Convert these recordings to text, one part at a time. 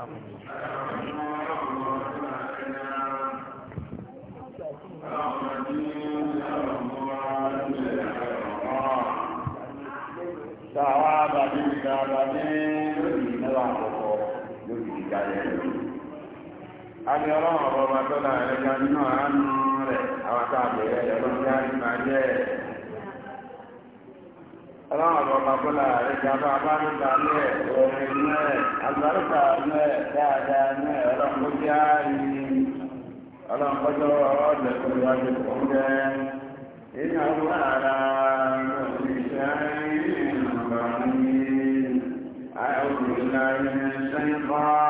Tàwa bàbí ìdára ní A tó láàrin ga nínú àánú rẹ̀ àwọn tá a bẹ̀rẹ̀ ẹ̀rọ jẹ́ ẹ̀. ọlọ́run ọba bọ́lá ìjàmbá abánúgbà náà orin náà àgbàlùkà náà dáadáa náà ọlọ́run kó já ní ọlọ́run kọjọ́ ọ̀dẹ̀kùn ìwájú fún jẹ́ inú àwọn ará òṣìṣẹ́ ìrìnàmọ́ ní àwọn òṣìṣẹ́ ìrìnàmọ́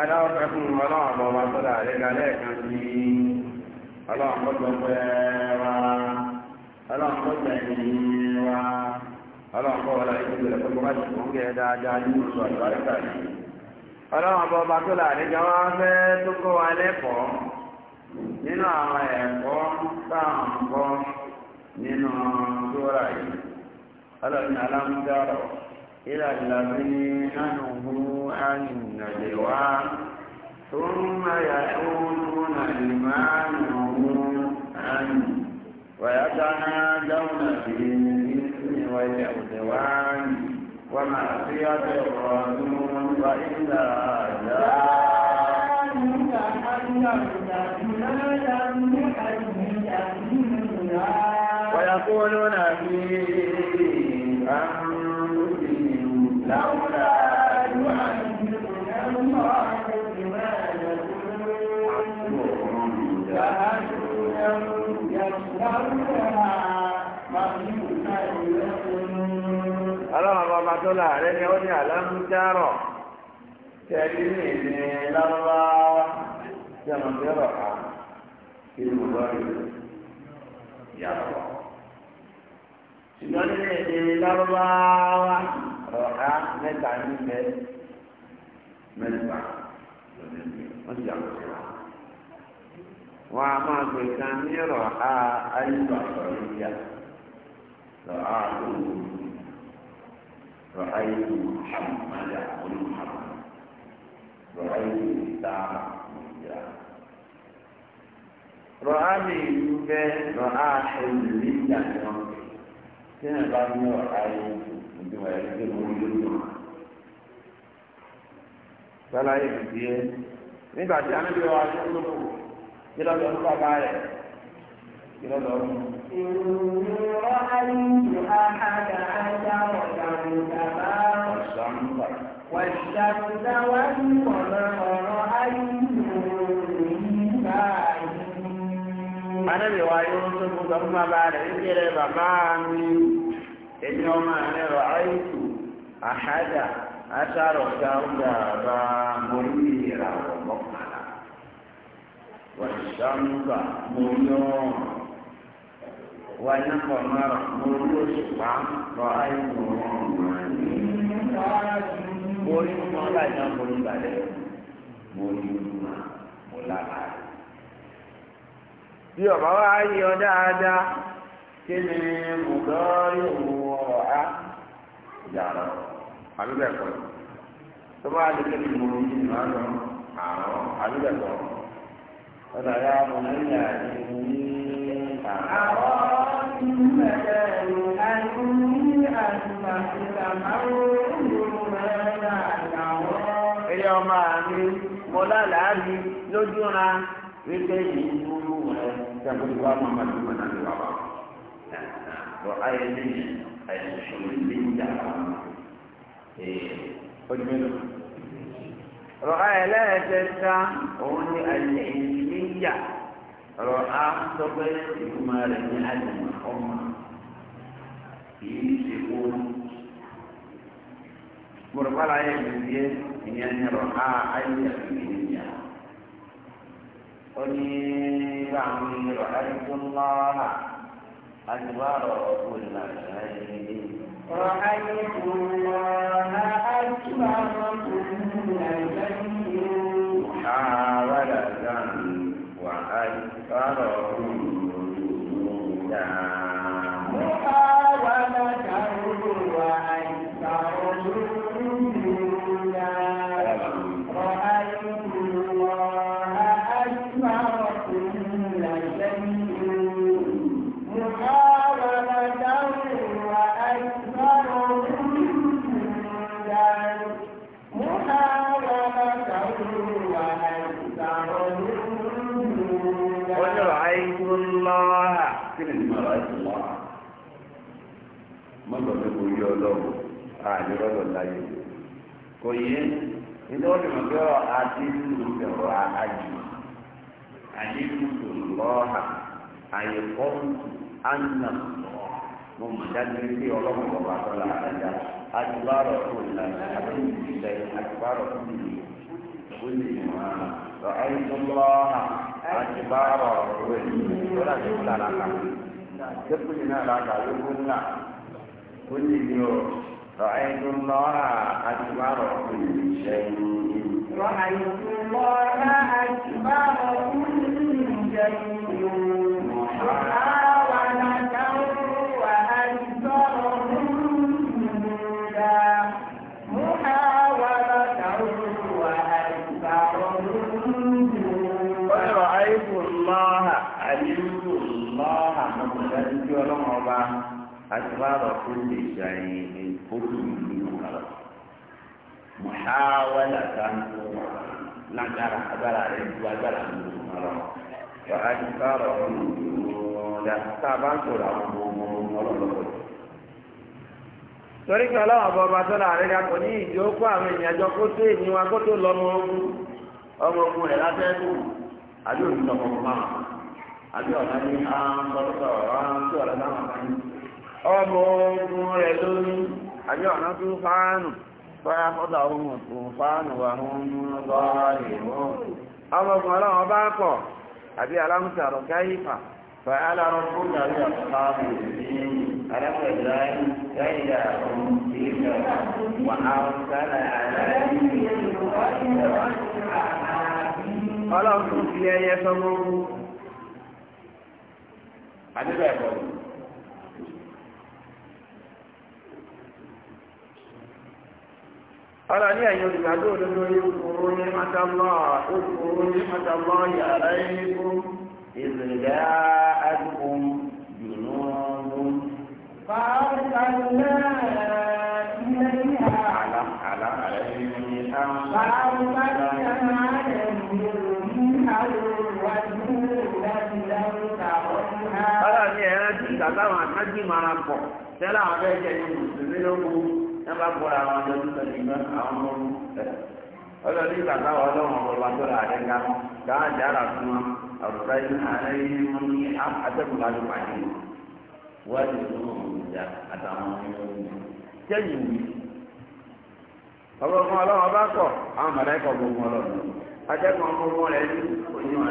adáwọ̀pẹ́ fún ọlọ́ọ̀bọ̀ wa tó dà lẹ́gà lẹ́ẹ̀kan sí ọlọ́ọ̀pọ̀jọ pẹ́ wa ọlọ́ọ̀pọ̀jọ ẹ̀yìn wa ọlọ́ọ̀pọ̀ wọlé ìlú rẹ̀ pẹ̀lú wájú fún gẹ̀ dáadáa ní oṣù àgbáríkà yìí ọlọ́ọ̀bọ̀ wa tó dà lẹ́gà wá fẹ́ tó kọ́ wa lẹ́kọ̀ọ́ nínú àwọn ẹ̀kọ́ táwọn kọ́ nínú tó rà yìí ọlọ́ọ̀ni alámúdárọ̀ إلى الذين أنهوا عن النجوى ثم يعودون لما نهوا عنه ويتنادون في والعدوان ومعصية الرسول وإلا ذلك ويقولون في tọ́lá rẹ̀ ni ó ní àlámújárọ̀ tẹ́lí ní ìdí lárúbáwá jẹ́nu bẹ́rọ̀ ká kí ló lọ rí yàtọ̀. ṣùgbọ́n ní ìdí lárúbáwá. ọ̀há mẹ́ta mẹ́ta wọ́n ti yàgò sí wa. wọ́n a máa pè kan ní rọ̀há ayélujára sọ̀rọ̀ yíyá rọ̀há olùkọ́ rọ̀há ìlú àmàlà olùkọ́ rọ̀há ìlú ìtara olùyà. rọ̀há mi ìlú bẹ́ẹ̀ rọ̀há ìlú ìyá ni wọ́n bá ní ndị ọrụ ihe wọn lórí wọn. sálàyé ọrụ ihe nígbà tí anábì wa ọrụ ihe lóko kí lọ́dọ̀ ń bàbá ihe ọrụ lọ́dọ̀ ń. ìrora yóò sọ fún bàbá rẹ̀ ń kéré bàbá mi. èmi ọmọ rẹ rọ àìsù àhádà àtàrọ dáúdà bá mo rí ìràwọ̀ mọ́kànlá wàṣánúbà mo yọrùn wà nàpọ̀ márùn mo rí oṣù pa rọ àìsù rọrùn mo rí mọ́lá ìjà mo rí balẹ̀ mo rí mọ́ mo lára bí ọ̀bá wa yọ dáadáa kí ni mo gbọ́ yòówó. yàrá àbíbẹ̀kọ tó bá lè ké mi mú mi má lọ àrùn àbíbẹ̀kọ ọ̀dà yà mọ̀ nílẹ̀ àti ní àwọn ìmúlẹ̀ àti ní àtàwọn. ilé ọmọ mi mo lálàá mi lójú ra wípé ìlú náà ní ìlú. الحلية حجمنا رؤى لا تسع هون العلمية رؤى تقل كما لم يعلم أمة يمسكون مرقى العين بالزيت من أن رؤى اليقينية قل يا رؤيت الله أدبار كل شيء رأيت الله أكبر كل شيء محاولة وأكثر kí ni mara ara ìlú wa mọ́tò ọlọgwụ kò yí ọlọ́run àìní lọ́dọ̀ láyé kò yé nínú ó mọ̀ pé ọ àti nínú ìrọ̀ àjù àyíkùtù lọ́ha àyẹ̀kọ́tù ànà mo mọ̀ dájú pé ọlọ́run kò na tọ́lá àtibárọ̀ kò àbẹ́yìn àtibárọ̀ رأيت الله أكبر ولا تقول لك تقول لك يقول لك كل يوم رأيت الله أكبر كل شيء رأيت الله أكبر كل شيء أسرار كل شيء كله غلط محاولة لا ترى أبلا وأبلا فأكثرهم جنودا طبعا كل أمور torí pé ọlọ́wọ́ bọ́ ọba tó láàrin ká kò ní ìjókòó àwọn èèyàn jọ kó tó wa kó tó ogun ọmọ ogun àbí lọ́mọ àbí ọ̀la ní ọmọ ogun rẹ̀ lórí àbí ọ̀nà tó fáánù bọ́yá fọ́dà ohun tó fáánù wà hún lọ́wọ́ ọmọ ogun ọlọ́wọ́ bá pọ̀ àbí alámùsàrọ̀ gáyífà fàyàlà ọ̀rọ̀ ní ẹ̀yìn olùgbàdó olóòrò ìkòrò ní mọ́tàlọ́ ìkòrò ní mọ́tàlọ́ yàrá ìkòrò ìrìnlẹ̀ àdúgbòm jùlọ ọdún. فأرسلنا إليها على على عليهم فأرسلنا عليهم ريحا وجنودا لم ترها. أرى أن هذه تتابع الحج مرة أخرى. سلام عليك يا مسلمين náà bá bọ́ra àwọn ọjọ́ pẹ̀lú iná àwọn ọmọ ẹ̀ ọlọ́dún ìgbà táwọn ọlọ́run ọ̀rọ̀ àtọ́rọ̀ àrẹ ga dáhà dára fún wọn àrùbá yìí ààrẹ yìí wọn ní atẹ́kùnlá ló pàdé wọ́n ti fún òun ìjà àtàwọn ọmọ ẹ̀yọ́ kẹ́yìn wí. ọgbọ́n ọlọ́run ọba kọ̀ àwọn mọ̀lẹ́kọ̀ gbogbo ọlọ́run atẹ́kùn ọmọ ọmọ rẹ̀ ní onímọ̀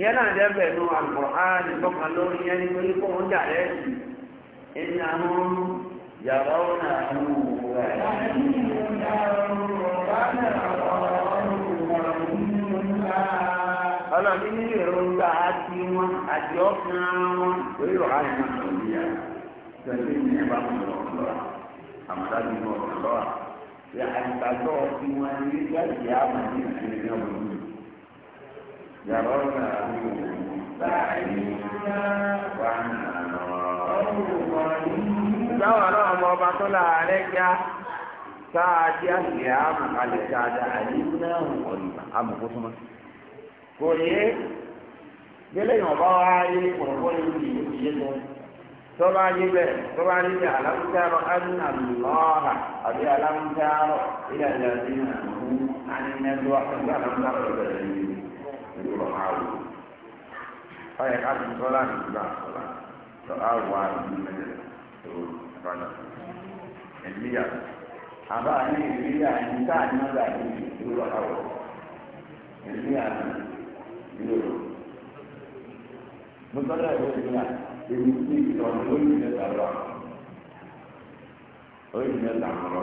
yẹn náà dẹ́bẹ̀ nù àgbọ̀hánì tọ́ka lórí yẹn ní pé kó ń jà lẹ́sì ẹni àwọn yàrá ọ̀nà àwọn òwúrọ̀ ẹ̀. ọlọ́ọ̀ni nínú èròǹgbà àti wọn àti ọ̀kan wọn lórí ọ̀hán ìmọ̀ àtọ̀lù yà tẹ̀lé ní ẹ̀bá wọn lọ lọ́wọ́ àmọ́dájú wọn lọ́wọ́ àti àgbàdo ọ̀sìn wọn ní gbàgbé àwọn ìṣẹ̀lẹ̀ ọ̀hún. يرون Ìgbàwọ̀ náà mọ ọba tó láàárẹ̀ gá sáàtì àṣìyà àmàkalẹ̀ dáadáa àyè náà ọ̀nà amòkótúmọ́. Kò yé gbélé ìwọ̀n bá yé pọ̀lọ́pọ̀ ní ìlú ìyé lọ. Tọ́ba yé bẹ̀ tọ́ba yé bẹ̀ àbí ilẹ̀ yìí. dọ̀háwò ọ̀yẹ̀ ká ti sọ́lá ní ìgbà sọ́lá dọ̀háwò á ní ìlẹ̀ tó rọ́nà ẹ̀míyà àbá ní ìlíyà ní táà ní ọ̀gá ní ìlú dọ̀háwò ẹ̀míyà ní ìlú mo sọ́dọ̀ ìwé ìlíyà èmi sí ìtọ́jú ó yìí mẹ́ta lọ ó yìí mẹ́ta lọ.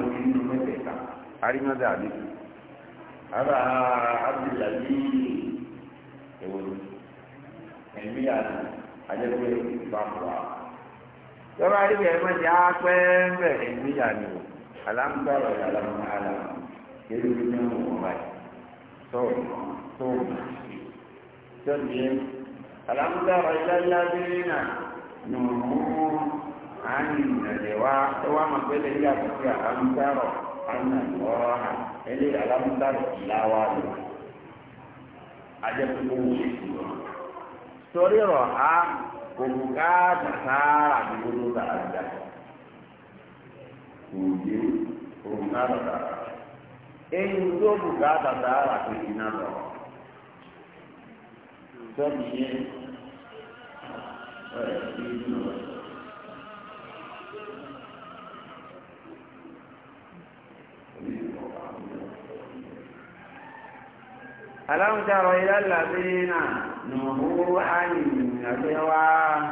arimọ́dé àbí ara abdulayi ewolo ẹ̀mí àti ajẹ́pẹ́ ìfàkùrà tọ́ba ayébẹ̀ ẹ̀ máa jẹ́ apẹ́ẹ́mẹ́ ẹ̀mí àti o alámúgbàrà ọ̀yà alámúhàlà kéde bí wọ́n wọ̀ báyìí tó tó tóbi alámúgbàrà ìlàyà bíi nà nùhùn àánì ìnàdẹ̀wá tó wà máa pẹ́lẹ́ yíyà tó fi alámúgbàrà. anàlọ́ha eléyìí alámúdàrú ìláwá lò ajẹ́pẹ́pẹ́ wò ó sì rọ̀ ha gbogbo káàtà sáárà ní gbogbo sàràjà òye òun náà lọ́dà eyín tó bùkátà sáárà tó ti náà lọ. sọ́ọ̀bù yẹn ọ̀rẹ́ ìdí náà lọ́dà. ألم تر إلى الذين نهوا عن النجوى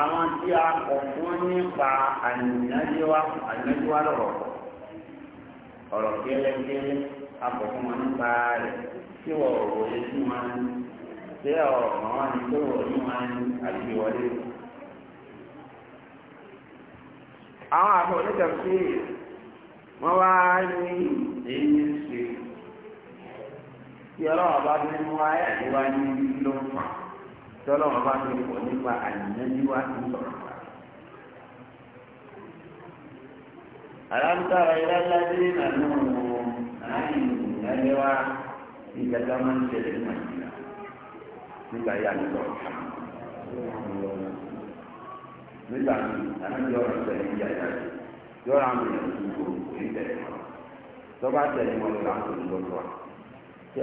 àwọn tí a kọ̀ fún nípa ànìyànjẹ́wà ànìyànjẹ́wà lọ́rọ̀ ọ̀rọ̀ kẹ́lẹ́kẹ́lẹ́ a kọ̀ fún wọn nípa rẹ̀ tí wọ́n rò lé sí wọn tí ọ̀rọ̀ kan wà tó rò ní wọn àti ìwọlé. àwọn àfọwọ́lẹ́tọ̀ sí wọ́n wá ní èyí ṣe tí ọlọ́wọ́ bá fi mú ayé àdéhùn ní ló ń fà tí ọlọ́wọ́ bá fi pọ̀ nípa àyìnbí wá sí sọ̀rọ̀. alámùtàrà ìlàládé nànú àyìn ìyáléwá ìgbàgbà máa ń ṣẹlẹ̀ ní nàìjíríà nígbà yà ní lọ́wọ́ nígbà tí àti ọ̀rọ̀ ṣẹlẹ̀ ní yàrá yọ̀rọ̀ àwọn èèyàn tó ń gbòòrò ní tẹ̀lé wọn tọ́ba tẹ̀lé wọn lọ́wọ́ àwọn olùdókòwò tí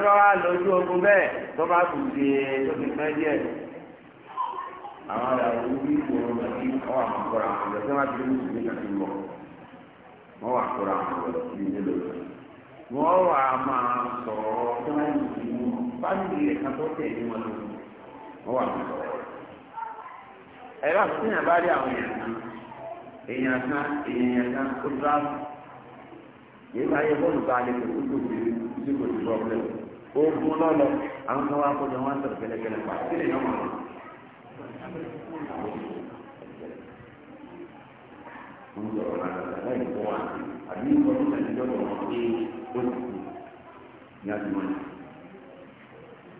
wọ́n wá lójú ogun bẹ́ẹ̀ tó bá kù sí e tó fi pẹ́ díẹ̀ àwọn àdàwọ̀ wí ìṣòro lọ́sí ọwọ́ àkọ́kọ́ra àwọn ọ̀dọ́ tí wọ́n ti rí ìṣòro náà ti mọ̀ wọ́n wà kọ́ra àwọn ọ̀dọ́ sí ilé lọ́wọ́ wọ́n wà máa sọ̀rọ̀ tó ń sì mú fámìlì rẹ̀ kan tó tẹ̀lé wọn lọ wọ́n wà máa sọ̀rọ̀ ẹ̀rọ àti tíyàn bá àwọn èèyàn kan èèyàn kan èèyàn kan ó yìí máa yẹ bọ́ọ̀lù bá alẹ́ pẹ̀lú kó ti ti kò ti problem ogun lọ́lọ́ àwọn kan wá kọjá wọn sọ̀rọ̀ kẹlẹ́kẹlẹ́ pa kí ni yọ̀ọ́ mọ̀ ń sọ̀rọ̀ náà láì fọ́ wa àbí ìkọ́jú nàìjíríà tó wọ́n pé ó ti kú ní àdúgbò yìí.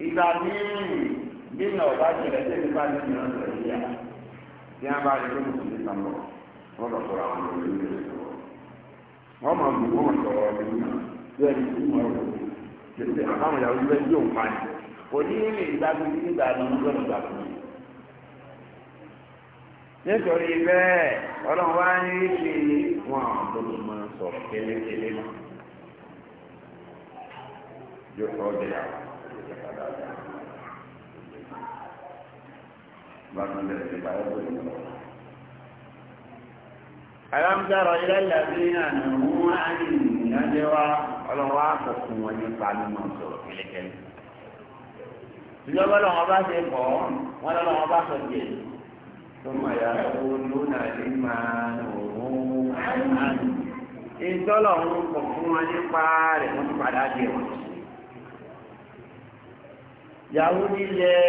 ìgbà míì bí nà ọ̀bá jẹ̀rẹ̀ tẹ́lẹ̀ bá ní ìrìnàjò ìyá tí wọ́n bá rí lóṣù tó ti sàmọ̀ wọ́n lọ sọ̀rọ̀ àwọn olóyún lóṣù tó wọ́n máa bù wọ́n sọ̀rọ̀ ọ̀rọ̀ lórí bẹ́ẹ̀ ni kí wọ́n rọ̀ tètè àwọn ìyàwó ilé yóò pa ni kò ní ní ìdájọ́ ní ìgbà àdánù gbọ́dọ̀ nítorí bẹ́ẹ̀ ọlọ́run wá ń rí sí wọn àbúrò máa sọ̀rọ̀ kélékélé náà yóò sọ ọ́ dẹ́yà bá a tún lè ṣe báyọ̀ lórí ọ̀rọ̀. ألم تر إلى الذين نهوا عن النجوى ọlọ́wọ́ àkọ́kùn wọn nípa mímọ̀ sọ̀rọ̀ kẹlẹ́kẹlẹ́. ìjọba lọ́wọ́ bá ṣe kọ́ wọn lọ́wọ́ bá sọ jẹ́ tó mọ̀ yá owó lónà ní máa òun àìmáàlú. ìjọba òun kọ̀ fún wọn nípa rẹ̀ wọ́n ti padà jẹ wọn. yàwó nílẹ̀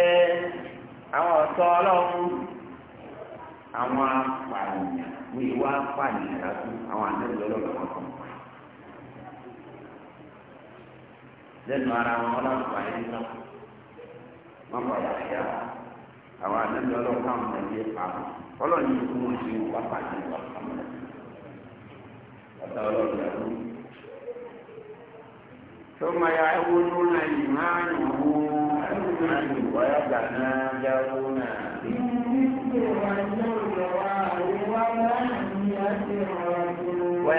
àwọn ọ̀tọ́ ọlọ́run àwọn apààyàn wọ́n yìí wá pàdé ìdájú àwọn ànábì ọlọ́run àwọn kan. lẹ́nu ara wọn ọlọ́run àyè ń tán wọ́n padà yá àwọn ànábì ọlọ́run káwọn ẹgbẹ́ pàmò ọlọ́run yìí kú wọn sí wọn wá pàdé ìwà pàmò. ọ̀tá ọlọ́run yà ló. ثم يعودون إيمانه ويبنى يبنى يونا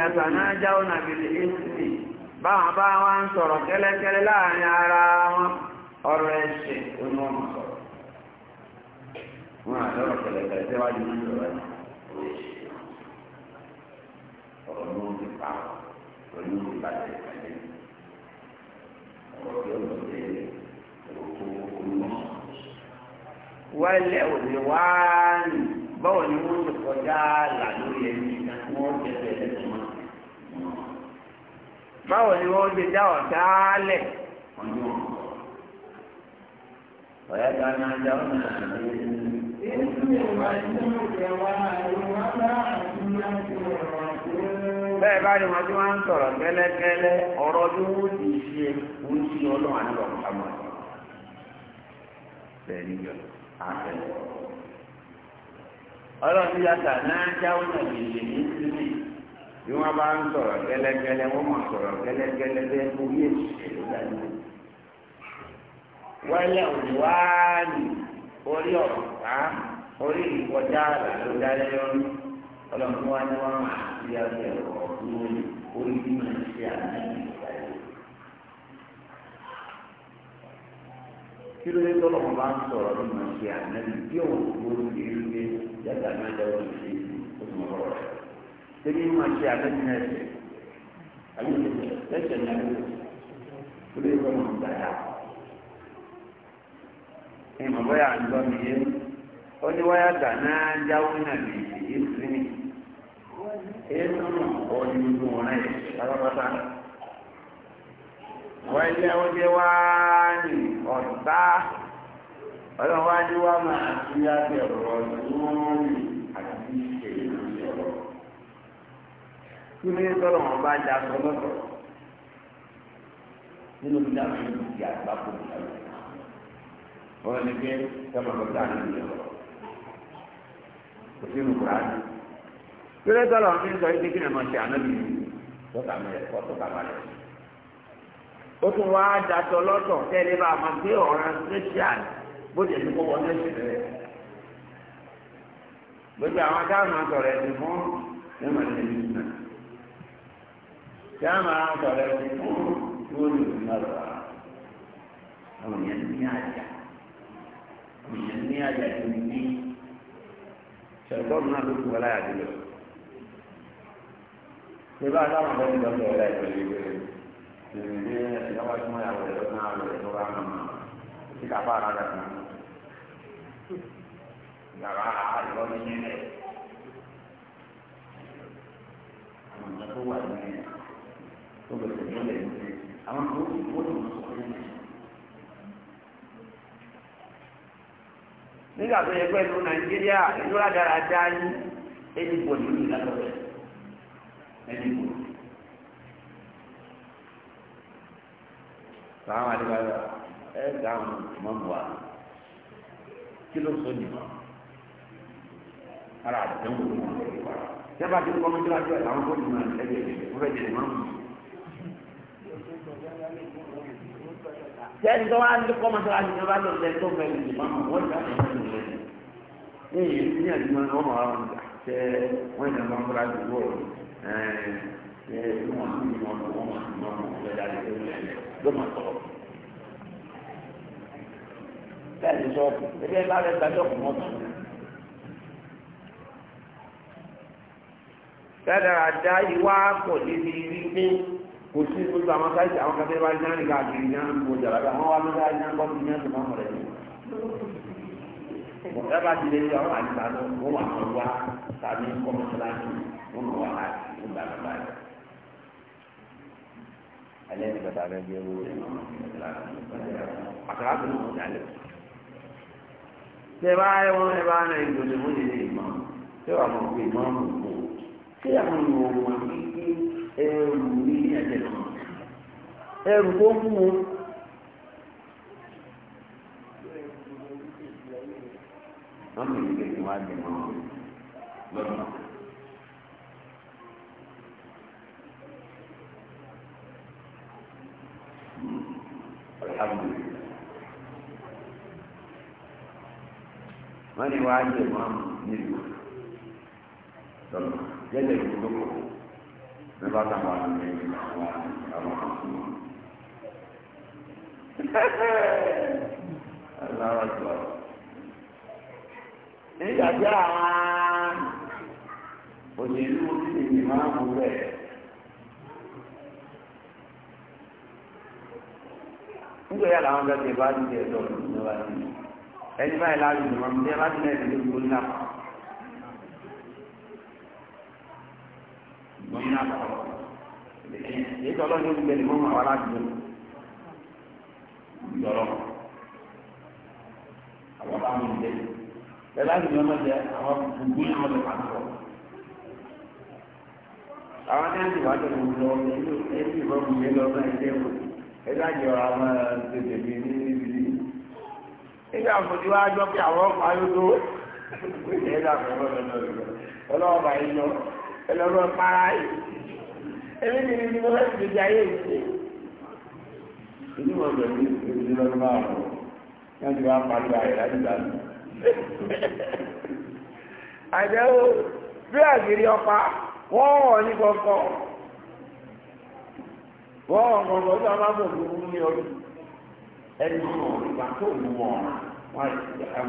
yatanájáúnà bil ismi báwọn bá wá ń sọ̀rọ̀ kẹ́lẹ́kẹ́lẹ́ láàrin ara wọn ọ̀rọ̀ ẹ̀ṣẹ̀ onú ọmọ sọ̀rọ̀ wọn àtọ́rọ̀ kẹ́lẹ́kẹ́lẹ́ tẹ́wájú ní ìrọ̀lẹ́ ọ̀rọ̀ ló ń pa ọ̀rọ̀ ló ń bàjẹ́ ni wọ́n ti kọjá là lórí ẹni wọ́n jẹ́ bẹ́ẹ̀ báwo ni wọ́n ṣe dá ọ̀dálẹ̀ ọ̀yá ta ni ajá ọ̀nà bẹ́ẹ̀ bá ní wọn tí wọ́n ń sọ̀rọ̀ kẹ́lẹ́kẹ́lẹ́ ọ̀rọ̀ tí wọ́n ti ṣe ń ṣe ọlọ́run àníbọ̀ kọ́mọ́ bẹ́ẹ̀ ni yọ àtẹ̀lẹ́ ọlọ́run ti yàtà náà jáwọ́ náà lè lè ní sílẹ̀ bí wọn bá ń sọ̀rọ̀ gẹ́lẹ́gẹ́lẹ́ wọn mọ sọ̀rọ̀ gẹ́lẹ́gẹ́lẹ́ bẹ́ẹ̀ kó yé dání wáyé òwúwáàlì orí ọ̀pá orí ìkọjá àlà ló dálé lórí ọlọ́run wá ní wọn máa fi abẹ ọ̀dún orí orí bí wọn ṣe àná ìgbà yìí. kí ló dé wọn bá ń sọ̀rọ̀ ló máa ṣe àná òun gbé ó rẹ̀. tẹ́lẹ̀ yìí máa ṣe àtẹ́jú náà ẹ̀sẹ̀ àbí ẹ̀sẹ̀ ní àbí ó lè mọ̀ nígbà yà. ẹ mọ̀ bọ́yà ń gbọ́ mi ó ní wáyà gà náà jáwé náà lè sí ní gbogbo wọn náà yẹ pátápátá. ọ̀tá máa fi kí ló yẹ tọ́lọ̀ wọn bá da sọ lọ́tọ̀ nínú bí dáa fi ti àgbà kò ní ìyàwó wọn ní pé sábà bàtà ní ìyàwó kò sí nù kúrò àná kí ló tọ́lọ̀ wọn fi sọ yìí kí ni wọn ṣe àná bìí tọ́ka mi rẹ̀ kọ́ tọ́ka ma rẹ̀ tún wá da sọ tẹ́lẹ̀ bá a máa gbé ọ̀ràn special bó ti ẹ̀ ní kó wọlé sílẹ̀ gbogbo àwọn akáwọn àtọ̀rẹ̀ ti fún ẹ̀ كما تلفون كل مرة أو ينمي عجا أو ينمي عجا ينمي شرطون نقول ولا يدلو فبعد ما بدل ولا يدلو Gracias. tó gbèsè lọ́lẹ̀ yìí àwọn tó ti wọ́n ti sọ fún mi. nígbà tó yẹ pẹ́lú nàìjíríà ìlú àdára dá yín ẹni bò ní ìlú ìlànà ẹni bò. ẹ dáhùn kí ló sọ ara ló ń bọ̀ ń kọ́ mọ́tò ẹ̀ ẹ̀ ẹ̀ sẹ́ni tó wá ní kọ́mọ́tàlá ni wọ́n bá lọ sẹ́ni tó fẹ́ lè máa wọ́n ti àtẹ̀wé lè lè. Ee ní àdúgbò náà wọ́n máa ń gbà ṣe wọ́n ìdá máa ń fọ́lá àdúgbò ẹ̀ ṣe wọ́n sì ní wọn wọ́n máa ń máa ń fẹ́ dáadé tó lè ló máa tọ̀. Bẹ́ẹ̀ni sọ́ọ̀bù, ẹgbẹ́ bá rẹ gbàdọ̀ kọ̀ mọ́tò. Dáadáa dá ìwá pọ̀ kò sí gbogbo àwọn sáìsì àwọn kẹfẹ́ bá jẹ́ àrìnká àgbèrè ní àwọn ìmọ̀ jàrá àwọn wà lọ́dọ̀ àjẹ́ àgbọ̀ sí ní àtúmọ̀ ọmọ rẹ̀ yìí ẹ bá ti lè rí àwọn àdìgbà náà wọ́n wà lọ wá tàbí kọ́mọ́sálásì wọ́n wà á wọ́n gbà lọ́ba rẹ̀ alẹ́ ní bàtà rẹ̀ bí ewu rẹ̀ àkàrà ń wọ̀ dálẹ̀ tẹ bá wọn ẹ bá náà ìdòdò tẹ ẹrù ní ní ẹ̀jẹ̀ ẹrù tó ń mú wọ́n mi ní kékeré wá dì mọ́ lọ́nà. wọ́n ní mọ́ nílùú lọ́nà ìdókòwò. nígbà táwọn àlùmí àwọn àwọn àkùnrin. alára tó a. nígbà tí àwọn òṣèlú ti máa ń bẹ̀rẹ̀. nígbà yàrá àwọn ọ̀gá ti bá ti tẹ̀ lọ ní wájú ẹni báyìí láàrin ìgbìmọ̀ ní ẹ ti náà ìdílé gbóná. mọ ní akọ èyí tọ́lọ́ ní olùgbé ni mọ́mọ́ àwọn aláàbò yọrọ àwọn bá mi lé bẹ́ẹ̀ bá mi ní ọmọ jẹ àwọn gbogbo lọ. ẹlọ́rọ̀ para yìí ẹbí mi ni mo fẹ́ fi ayé ìṣe. inú wọn bẹ̀rẹ̀ ní ìṣèlú lọ́dún máa rọ̀ wọ́n ti wá parí ayé láti gbà mí. àdéhùn bí àgìrì ọ̀pá wọ́n wọ̀ ní kọ̀ọ̀kan wọ́n wọ̀ kọ̀ọ̀kan tó a máa bọ̀ lóhùn ní ọdún ẹni wọn ìgbà tó wù wọn wọn àti ìgbà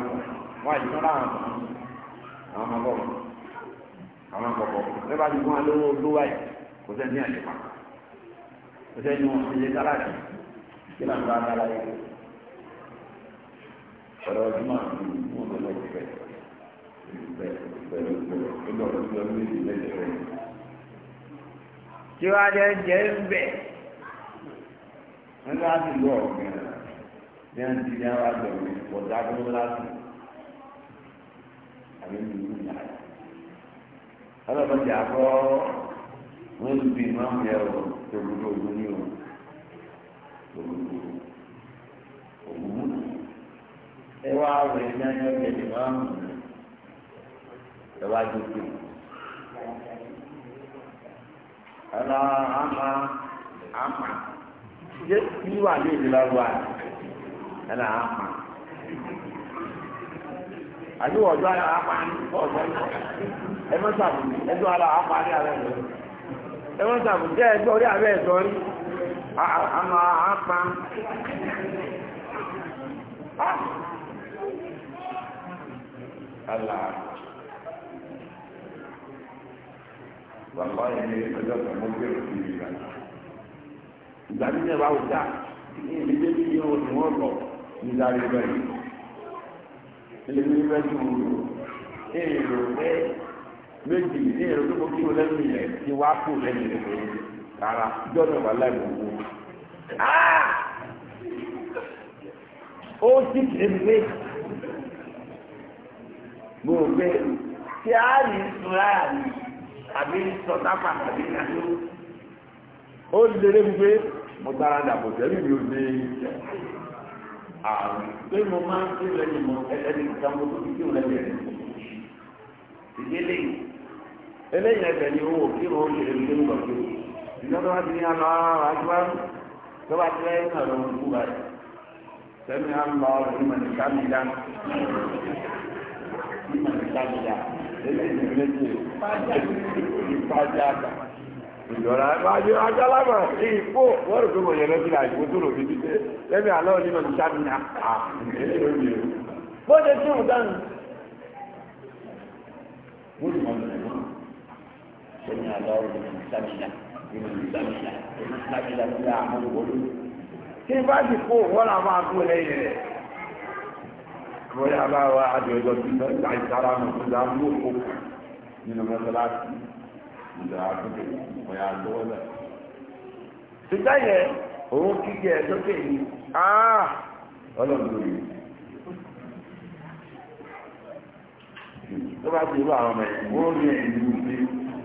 wọn àwọn ọmọ bọ̀ wọn àwọn àkọ́kọ́ lẹ́bàá ti fún alówó olówó àyè kò sẹ́ni àyèpá kò sẹ́ni wọn ti lè sáláàdì kí làwọn bá dára yẹ ọ̀rọ̀ ọdúnmọ̀ mú ọ̀dọ́ náà ti fẹ́ fẹ́ fẹ́ fẹ́ lọ́dọ̀ tó lọ́dún méjì méjì fẹ́. tí wàá jẹ jẹ ń bẹ wọn bá ti lọ ọgbìn ní à ń ti ní àwọn àgbẹ̀ wọn pọ̀ dákúrú láti àbí nínú ìyá rẹ̀ ọlọ́mọdé àgọ́ wọ́n ti bí ìmáàmù yẹn o tòbúdò ògùn ní o tòbúdò ògùn ẹ wá wọ ẹ ní ayọ́ kẹ́ ìmáàmù ẹ wá jó pé ọlọ́ àmà àmà yé kí wà ní ìdílé wa ẹ lọ àmà àbí wọ́n jọ àmà ní ọ̀dọ́ náà ẹ mọ́ sàbùdì ẹjọ́ ara àpárí ààrẹ rẹ̀ ẹ mọ́ sàbùdì ẹjọ́ orí ààrẹ ẹ̀sọ́ rí àmà àpá àlà bàbá yẹn ní ọjọ́ kan mo gbé òkú yìí rà ìgbà tí ẹ bá wò dá ní ìdílé tí yẹn ní wọ́n lọ ní ìdarí bẹ́ẹ̀ ilé ní bẹ́ẹ̀ tó wù ú èrò bẹ́ẹ̀ méjì ní èrò tó kọ kí o lẹ́yìn rẹ̀ ti wá kó lẹ́yìn rẹ̀ pé rárá jọ́nà wà láì wò wò. Ah! ó sì kéde mo gbé tí a lè sọ̀rọ̀ àná àbí sọ̀tápà àbí nàdó. ó lérè wípé mo tara dàbò tẹ́lẹ̀ mi ò dé ah, àrùn pé mo máa ń kí lẹ́yìn mọ́ ẹni mo tó kí lẹ́yìn rẹ̀ eléyìí ẹ̀bẹ̀ ni owó kí wọ́n lè rí lórí ọ̀gbìn ìjọba wa ti ní àná àgbáwá tó bá ti lẹ́yìn náà lọ́wọ́ kú báyìí sẹ́mi à ń lọ ọ̀rọ̀ ìmọ̀ nìkan mi dá ìmọ̀ nìkan mi dá eléyìí ní méjì ìpàjà ìjọra ìpàjọ ajálámà sí ìfò wọ́n rò pé mo yẹ lọ́sílẹ̀ àìkú tó rò bíbí pé lẹ́mi àná ní ìmọ̀ nìkan mi dá bó ṣe tún ìdáhùn. Mo ti mọ̀ ní ẹ̀gbọ́n sẹ́ni aláwọ̀ lòun sábìlà lòun sábìlà lòun sábìlà lòun àmọ́ wọlé. tí bá ti kó wọ́n náà máa kú lẹ́yìn rẹ̀. bóyá bá wa àjọyọ̀ tí wọ́n ta ìtara nù kó dáa ló kó nínú mọ́sálásí ìgbà àdúgbò bóyá lọ́wọ́ lẹ̀. ṣùgbọ́n yẹn òun kíkẹ́ ẹ̀ sókè yìí ọlọ́run lórí tó bá ti rú àwọn ọmọ ẹ̀ wọ́n rí ẹ̀yìn ní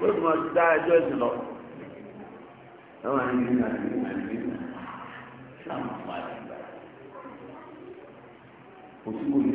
ló ti máa ti dá ẹjọ́ ẹ̀sìn lọ. Ẹ̀wọ̀n àyè ní àyè àyè sáàmù pàdé. Kò sí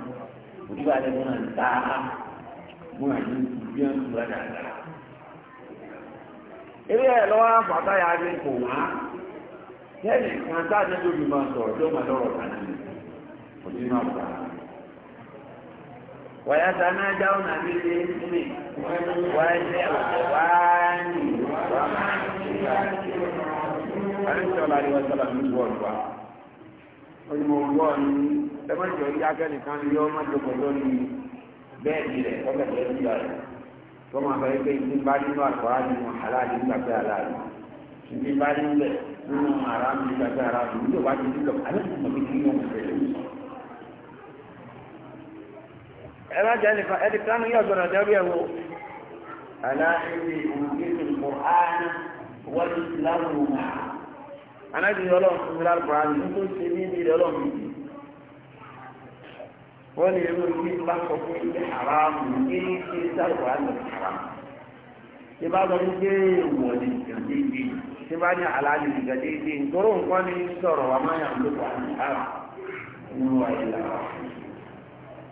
nígbà tí wọ́n ń ta wọ́n ń bí wọ́n ń tura dáadáa. eré ẹ̀ lọ́wọ́ bàbá yà á rí kò wá tẹ́lẹ̀ kan táàdé tó fi máa sọ̀rọ̀ tó máa lọ́rọ̀ kan ní òní onímọ̀ ọgbọ́ ni ẹgbẹ́jọ yí akẹ́nìkan ni yọ́ má jọpọ̀ lórí bẹ́ẹ̀dì rẹ̀ lọ́gbẹ̀dẹ̀ ìgbà rẹ̀ tó máa sọ pé ìdí bá nínú àkọ́rá ni mo aláàdì gbàgbé aláàdì ìdí bá nílẹ̀ nínú ara mi gbàgbé aláàdì ìdí ò bá ti nílò aláàdì mọ̀ bí kí ní ọmọ rẹ̀ lóṣù. ẹ má ẹni kánú yóò gbọ́dọ̀ dẹ́rù ẹ̀wò aláàdì ìdí ìmọ̀ anábì ọlọ́run fún mi lálùkọ́ àmì ní tó ṣe ní ìdílé ọlọ́run yìí wọ́n lè rú ní bá sọ fún ilé haramu ní ṣe sálùkọ́ àmì haramu tí bá sọ fún pé wọ́n lè gàn déédéé tí bá ní àlàyé lè gàn déédéé nítorí nǹkan ní sọ̀rọ̀ wà máa yàn lóko àmì haramu ní wàyí làwà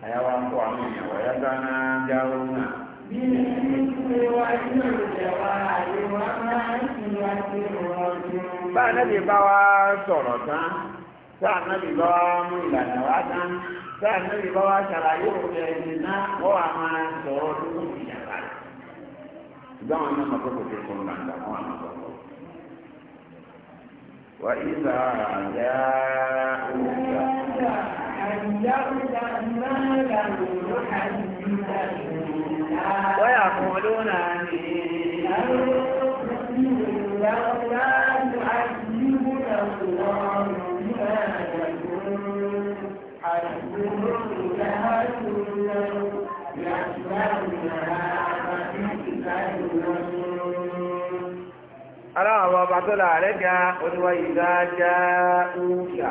àyàwó akọ àwọn ìyàwó yàtọ̀ náà jáwó náà. Bí ẹni tí wọ́n ti ń jẹ̀wá àyè wọn máa ń ṣe àti ìrọ̀lẹ́ bá anábì bá wá sọ̀rọ̀ tán tá anábì bá wá mú ìlànà wá tán tá anábì bá wá ṣàlàyé òun ẹni náà wọ́n wá máa sọ̀rọ̀ lórí ìyàrá rẹ̀. ìdáhùn ẹni náà kókò tó kún làǹdà wọn àmọ́ sọ̀rọ̀. wà ìzà àjà òwúrọ̀. àjà òwúrọ̀ náà làwọn olóhàjì ń bá ìlú wọ́n yà fún ọdún náà ní ìlú. aláwọ̀ ọba tó láàrẹ́ ga oníwà ìdájá òúṣà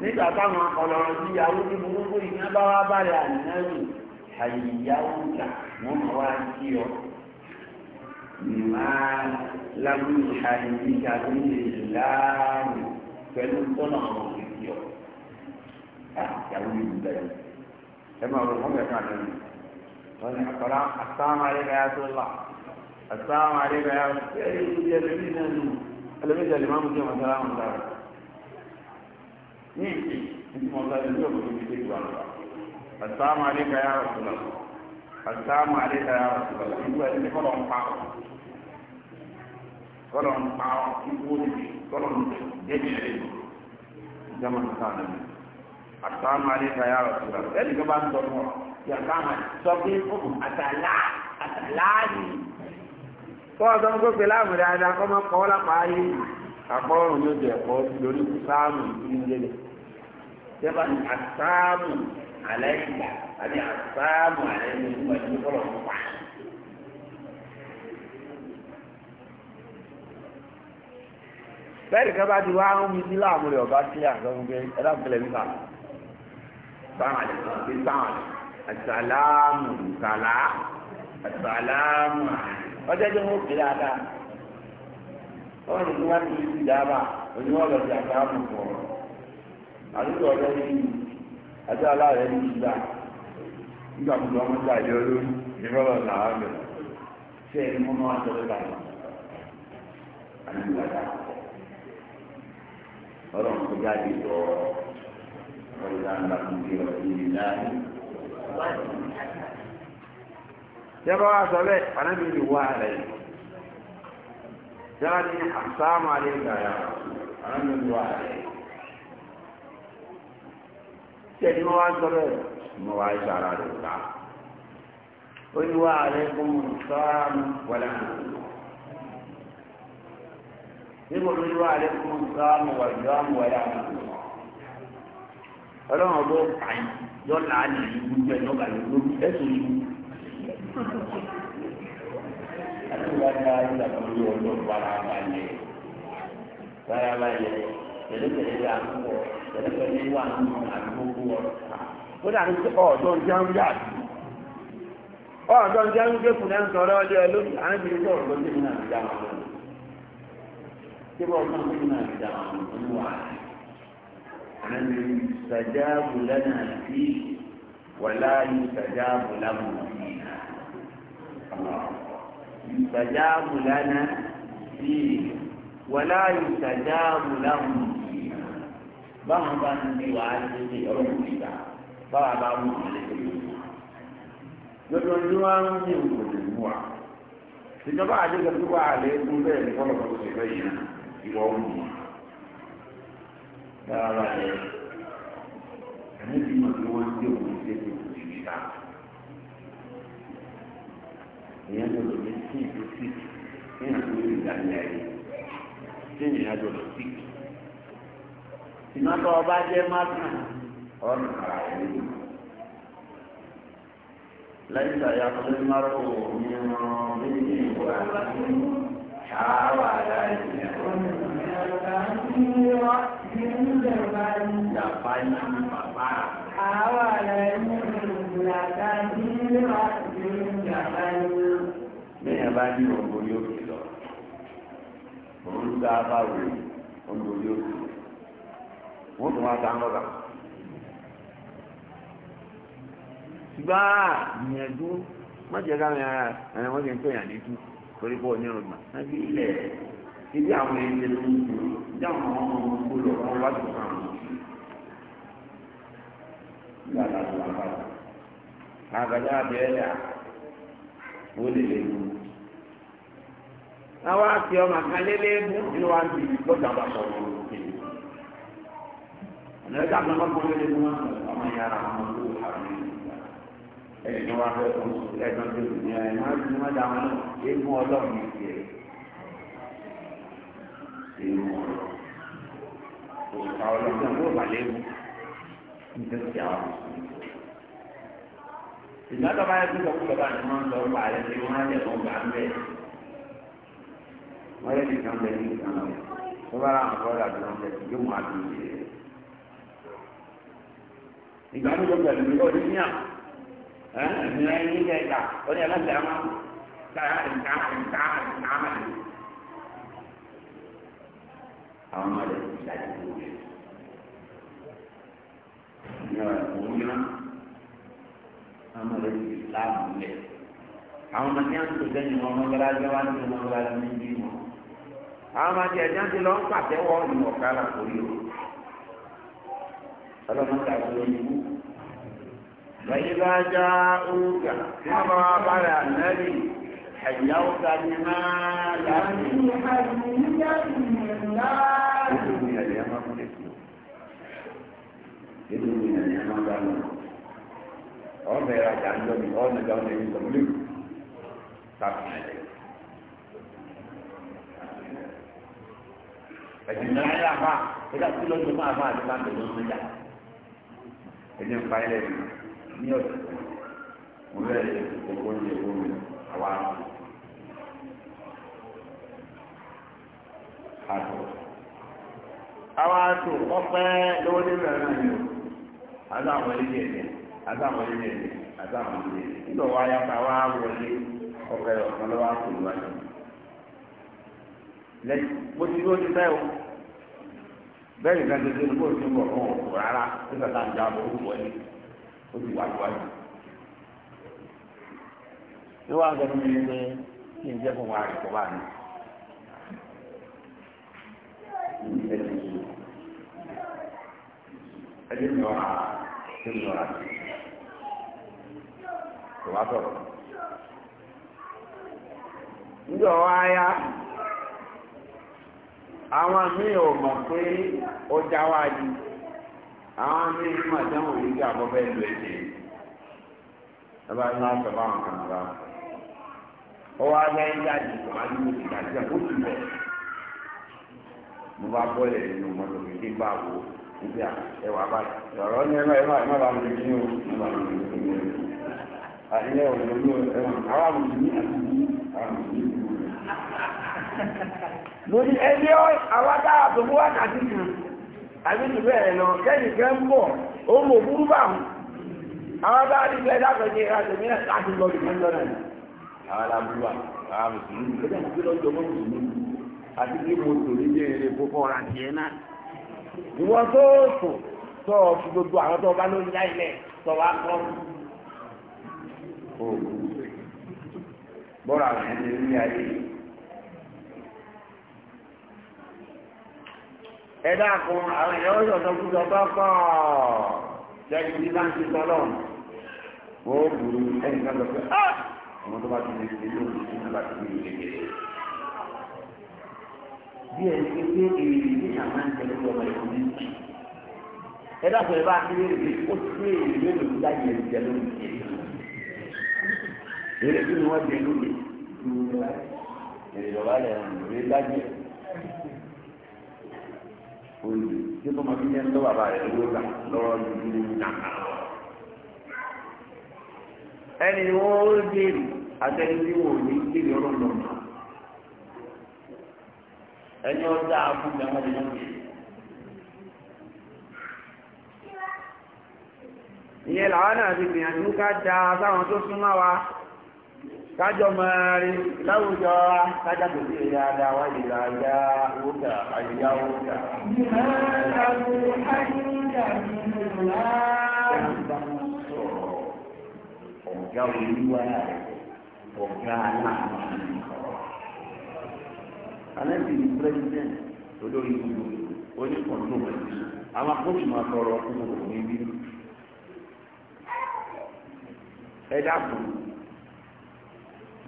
nígbà táwọn ọlọ́rọ̀ sí yàwó ní gbogbo ìná bá wá bàrẹ̀ ànínáwì àyíyá òúṣà wọ́n mọ̀ wá sí ọ máa lábúrú àyíyí kàbí ìlànà pẹ̀lú tọ́nà ọ̀rọ̀ sí ọ ah, yàwó ní gbogbo ẹ̀ ẹ máa rọ̀ wọ́n mẹ́ta lẹ́yìn وأنا السلام السلام عليك يا رسول الله السلام عليك يا رسول الله ألميذ الإمام مسلم السلام عليك نيجي أنت مولاي اليوم بيجيك السلام عليك يا رسول الله السلام عليك يا رسول الله إنت اللي فلو مقاوم فلو مقاوم يقول فلو يجي عليه زمن كان السلام عليك يا رسول الله ذلك بعد ضرورة yà bá ma sọ pé ọmọ àtàlá àtàlá ni. kọ́ ọ̀sán kó pe láàmù dáadáa kọ́ máa kọ́ lápá ayé àkọ́rùn yóò jẹ ẹ̀kọ́ lórí sáàmù ìdílé yẹ́bà ní àsáàmù alẹ́ ìgbà àti àsáàmù alẹ́ ìgbà ìgbà ìgbà kẹ́ bá ti wá ń mi nílá àmúrẹ̀ ọ̀bá sílẹ̀ àsàlámù sàlá àsàlámù ọjọ́ tó ń fi dáadáa wọ́n lè wá sí ibi dábàá oníwọ́n lọ sí àsàlámù pọ̀ àdúgbò ọjọ́ yìí àti aláàrẹ ní ìgbà nígbà tó lọ́mọ sí àyè olórí ìrọ̀lọ́ làwọn lọ sí ẹni mọ́nà àtọ́lẹ́ bàbá àdúgbò ọlọ́run kọjá ìgbọ̀ ọ̀rọ̀ ìlànà ìgbìyànjú ìlànà yẹba wa sọ bẹ́ẹ̀ anabi ni wà rẹ̀ yára ni asáàmù alẹ́ gbàyà anabi ni wà rẹ̀ tẹ̀ ni wọ́n wá sọ bẹ́ẹ̀ mo wá ṣe ara rẹ̀ gbà ó ní wà rẹ̀ fún sáàmù wọlé àná níbo ló ní wà rẹ̀ fún sáàmù wọlé àná ọlọ́run ọdún àyè yọ̀ọ̀lá àná yìí gbogbo ẹ̀ lọ́ba lórí ẹ̀sùn yìí. àti wàá dá ìgbà tó ń lọ lọ bára balẹ̀ bára balẹ̀ tẹ̀lẹ́tẹ̀lẹ́ wà ń wọ̀ tẹ̀lẹ́tẹ̀lẹ́ wà ń wọ̀ àdúgbò wọ̀. ó dàbí ọ̀dọ́ ń jẹun yá ọ̀dọ́ ń jẹun gbé kùnà ń sọ̀rọ̀ ọdẹ lórí àárín tó ọ̀dọ́ ń jẹun náà ń jà wọn. kí wọ́n máa ń jẹun náà ń jà wọn من يستجاب لنا فيه ولا يستجاب لهم فينا يستجاب لنا فيه ولا يستجاب لهم فينا بعضا بوعده ربك بعضا بوعده lọ́dọ̀ ní wá ń ní òkòtò mú wa ìjọba àdéhùn tó wà lé fún bẹ́ẹ̀ ní kọ́lọ̀ kọ́lọ̀ sí ìfẹ́ yìí ìwọ̀ ọ̀hún mú wa ijoba adehun to wa le dára rẹ̀ àníbi mọ̀ pé wọ́n gbé òun ṣe é kò sì ṣá. èèyàn gbọdọ̀ ní sí ìlú sí èèyàn tó lè dá ní ayé tí èèyàn gbọdọ̀ sí. ìmọ̀tọ́ ọba jẹ́ mákàn ọ̀nà nílẹ̀ báyìí. Yàpá yìí bàbá. Àwa ndị ní ndị nílé àti ìyàbá yìí. Bẹ́ẹ̀ bá ní ògbó yóò fi lọ. Olùdá bá wù ògbó yóò fi lọ. Wọ́n tún wá ta ń lọ́gà. Gbá ìyẹ̀dú, má jẹ́ ká mi ara ẹ̀rọ wọ́n ti ń létí torí bọ́ọ̀ ní ibi àwọn ẹni ló ń gbòòrò ìdí àwọn ọmọ ọmọ ọmọ lọ wọn wá jù náà wọn. nígbà tá a lọ wá báyìí àgbàdo abẹ́rẹ́ à ó lè lè mú. àwa àti ọmọ àwọn àwọn ọmọ wọn àwọn ọmọ tó fẹ́ fún ẹ̀gbọ́n tó ti ní nínú bá yẹ kó sọkúlọ bá ní wọn lọ pa àlẹ tí wọn á jẹ fún gbà ń wọn yẹ nìkan bẹ ní nìkan bẹ tó bá ra àwọn tó ń bẹ yóò mú àdúgbò yẹ. ìgbà tó gbọdọ̀ ní ọdún ní à ẹ̀ẹ́dìyẹ ní ìjẹta ó ní ẹlẹ́sẹ̀ máa ń ta ìta ìta ìta ìta àwọn ọmọ rẹ̀ ti dájú tó rẹ̀. ní ọ̀rẹ́ kò ní wọn àwọn ọmọ rẹ̀ ti láàmú lẹ̀. àwọn ọmọ tí wọn tó sẹ́yìn wọn ọmọ gbọ́dọ̀ ajọ́ wá ní ọmọ gbọ́dọ̀ ajọ́ ní bí wọn. àwọn ọmọ tí ẹ̀jẹ̀ ti lọ ń pàtẹ́wọ́ ìmọ̀ kára kò o. ọlọ́run ta ló ń yú. وإذا جاءوك كما بلى النبي حيوك بما لم يحيك nítorí ìyàlẹ́ a máa kúlẹ̀ sí o nítorí ìyàlẹ́ a máa bá lọ ọ̀bẹ ìrajà ń lọ́mi ọ̀nà ìgbà ọ̀nà ìgbà ọ̀nà ìgbà sáfì nàlẹ́ ẹ̀jẹ̀ náà yà máa ẹ̀dá kí lọ́jọ́ máa máa lè máa tẹ̀lé ọ̀nà ìjà ẹ̀jẹ̀ ń pa ẹlẹ́rìí ní ọ̀sẹ̀ mo bẹ̀rẹ̀ ìkókó àtò àwọn àtò ọpẹ́ lọ́wọ́ nínú ẹ̀rọ náà a àtàwọn ilé ẹ̀dẹ̀ àtàwọn ilé ẹ̀dẹ̀ àtàwọn ilé ẹ̀dẹ̀ nígbà wá yàtọ̀ àwọn àwọlé ọpẹ́ ọ̀kan lọ́wọ́ àtò lọ́wọ́ mo ti dúró ti bẹ́ẹ̀ o bẹ́ẹ̀ bọ̀ rárá ń jábọ̀ ó ti wà ní wàá ní fún wa bá Ndị ti sùn ẹni nọra ẹni nọra kò wá sọ̀rọ̀ ndọ̀ wáyá àwọn míì ò mọ̀ pé ọjà wáyé àwọn míì ní màdáwò yìí kí mo bá bọ́ọ̀lẹ̀ nínú mọ́tò mi kí n bá wò ó níbi ẹwà báyìí ọ̀rọ̀ ní ẹ̀rọ ẹ̀rọ ẹ̀rọ bá mi ní o ní bá mi ní o àìyẹ òun ló ẹ̀rọ àwọn àmì ní àti ní àmì ní ìlú rẹ̀. lórí ẹni ọ àwádá àtòkú wákàtí kan àbí jù bẹ́ẹ̀ lọ kẹ́yìn kẹ́ ń bọ̀ ó mọ̀ òkúrú bá wọn àwọn bá rí bẹ́ẹ̀ dákọ̀ ní ìrìnàjò ní láti lọ ìgbẹ́ lọ́nà àwọn aláburú àwọn àmì sí ní ìgbẹ́ àti bí mo tò ní bí èrè fúnfọ́ ọ̀rà tiẹ̀ náà ìwọ tó sùn tó o fi gbogbo àwọn tó o bá ló ń yá ilẹ̀ tó wá kọ́ bọ́ra àwọn ẹni ní ayé ẹ dákun àwọn èèyàn ọ̀yọ́ tó kú lọ bá pọ̀ jẹ́ni bí bá ń ti sọ lọ́rùn ó burú ẹnì lọ pé ah! ọmọ tó bá ti lè ṣe lóòótọ́ tó bá ti lè ṣe lóòótọ́ díẹ̀ ní pé èrè ní àwọn àǹtẹ̀lẹ́ ọmọ ẹ̀kọ́ ní ìsìn. ẹ dàpọ̀ ẹ bá kéré èrè ó ti èrè lónìí ló dá yẹn jẹ lónìí. èrè tí wọ́n jẹ lónìí èrè lọ́wọ́ rẹ̀ èrè dájẹ́ olè tí tó máa fi jẹ́ ńlọ bàbá rẹ̀ lówó gbà lọ́rọ́ ní ìlú nàkà. ẹni wọ́n ó béèrè àtẹnudí wò ní ìdílé ọlọ́run náà ẹni ọjà àbúgbà wọn lè lókè. ìyẹn làwọn náà ti gbìyànjú ká da sáwọn tó súnmọ́ wa kájọ máa láwùjọ wa kájà kò sí ìyá ada wa ìlà ya wúkà àyíká wúkà. ọ̀gá olúwa ọ̀gá aláàmì. anábì ní president olórí gbogbo oníkọ̀ọ́nù mẹ́tì àwọn akóṣù máa tọrọ fún níbí ẹ dákun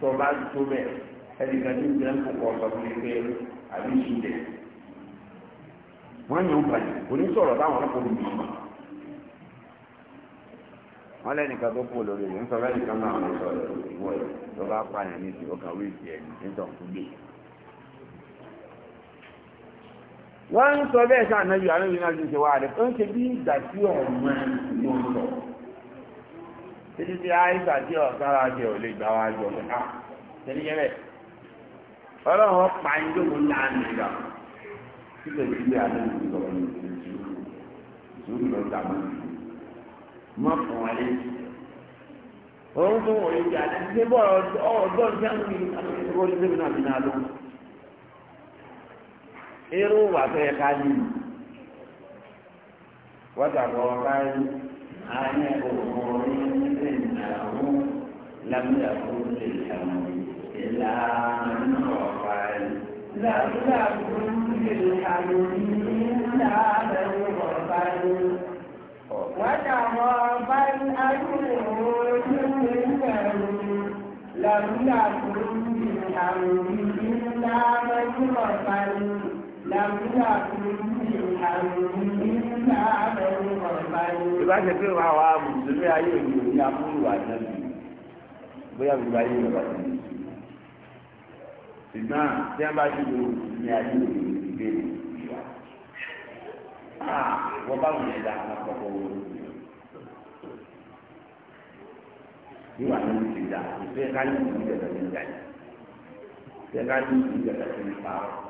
tọba tó bẹ ẹnìkan ní ìgbẹ́ ńkọ̀kọ̀ ọ̀sán ní pé àbí ìṣúlẹ̀ wọ́n yàn bàjẹ́ onísọ̀rọ̀ táwọn ọlọ́pàá olùmọ̀ wọ́n tó kú rẹ̀ ń sọ nìkan náà wọ́n ẹ̀ tó bá pààyàn ní ẹ̀ gbé. wọ́n ń sọ bẹ́ẹ̀ sáà náà yóò àrẹ́wì náà ṣe wà rẹ̀ ó ń ṣe bí ìgbà tí ọ̀rùn ló ń lọ títí tí a ìgbà tí ọ̀sára jẹ ò lè gbà wá jọ ọ̀gá tẹ́lẹ̀ yẹn bẹ́ẹ̀ ọlọ́run pa ń jókòó ńlá nìgbà tí kò sí pé àlejò ìgbọ̀rọ̀ ní ìṣòro ló dàgbà mọ́ fún wa lé òun tó wọ̀nyí jà ní ṣé bọ́ọ̀ ọ̀dọ́ ìṣẹ́ irú wà tó yẹ ká yí wọ́tàkọ̀ ká yí ayé òkú ní ilé ìnáwó lámìyàwó lè yàwó ìlà nínú ọ̀pá yìí. Làbúlàbú lè yàwó ìlà nínú ọ̀pá yìí. Wọ́tàkọ̀ bá yí ayé òkú ní ilé ìnáwó làbúlàbú lè yàwó ìlà nínú ọ̀pá yìí ìbáṣe pé àwọn amùsùlùmí ayé òní òní amúlù àjọyọ̀ bóyá gbogbo ayé òní ọ̀rọ̀ ní ṣùgbọ́n tí wọ́n bá ti lo ní ayé òní ìgbé ìwà ah, wọ́n bá wọn ẹ̀dá àkọ́kọ́ wọn ìwà ní oṣù ìdá ìfẹ́ ká ní ìdí ìdẹ̀rẹ̀ ní ìdá yìí ìfẹ́ ká ní ìdí ìdẹ̀rẹ̀ ní ìpààrọ̀.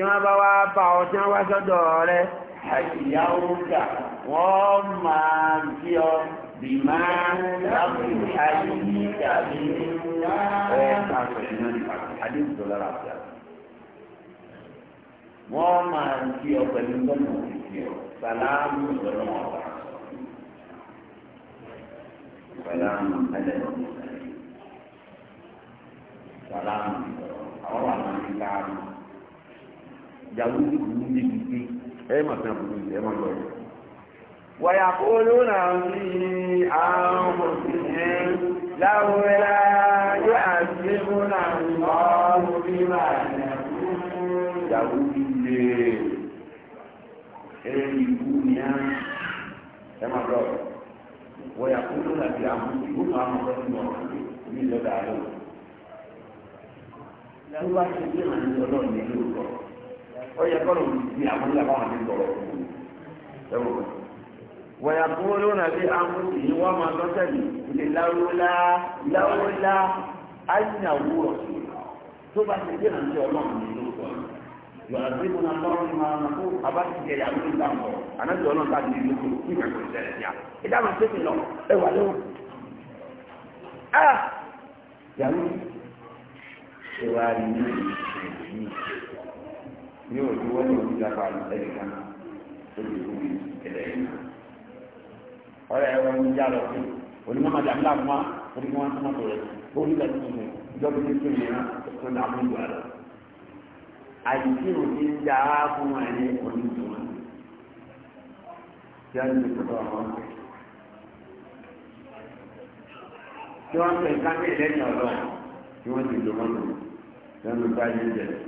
tí wọ́n bá wá bá ọ tí wọ́n wá sọ́dọ̀ rẹ àṣìyáwó gà wọ́n máa bí ọ bí máa lábùú ayé tàbí ẹ̀ka àwọn wà máa ń ìyàwó ti burú níbi tí ẹ mà fẹ́ burú ẹ mà lọ rẹ̀. wọ̀yà kó lónà sí àwọn òṣìṣẹ́ láwùrẹ́lá yóò àṣìṣe múnà lọ́wọ́ bí máa nà ìyàwó ti lè ẹ ìbú ni á ẹ mà lọ rẹ̀. wọ̀yà kó lónà sí àwọn òṣìṣẹ́ láwùrẹ́lá yóò àṣìṣe múnà lọ́wọ́ bí máa nà tó bá ti gbé màá ní ọlọ́run ní ìlú kọ̀ọ̀kan ó yẹ kọ́ ló ń fi àwọn ilé àbáwọn ti sọ̀rọ̀ ẹ̀wọ̀n kan. wọ̀nyà tó wọ́n lónà bí amúsì yìí wọ́n máa tọ́tẹ̀ lì ilé láwọ́lá láwọ́lá ayíyàwó ọ̀sùn tó bá ti dé àǹtí ọlọ́run ní ìlú sọ̀rọ̀ yọ̀rọ̀sígun náà lọ́rùn ní máa nàkó abájíjẹ yà ló ń dà mọ́ ànájọ ọlọ́run láti ní ìlú kí ìgbà kò ṣẹlẹ̀ ní à ìdá àwọn tó ti lọ ẹ wà lẹ́wọ̀n. a ah! yàrá ìwà rí ní ìṣèlú yìí ní òjò wọ́n ní òjò apá ẹ̀dì kan tó ti kú ẹ̀dẹ̀ yìí. ọ̀rẹ́ ẹ̀rọ ń lọ sí onímọ̀ àti àbúlà fún wa orí kí wọn. tí wọ́n ti tọ́ n'oge tí wọ́n ti ká ní ìlẹ́yìn ọ̀rọ̀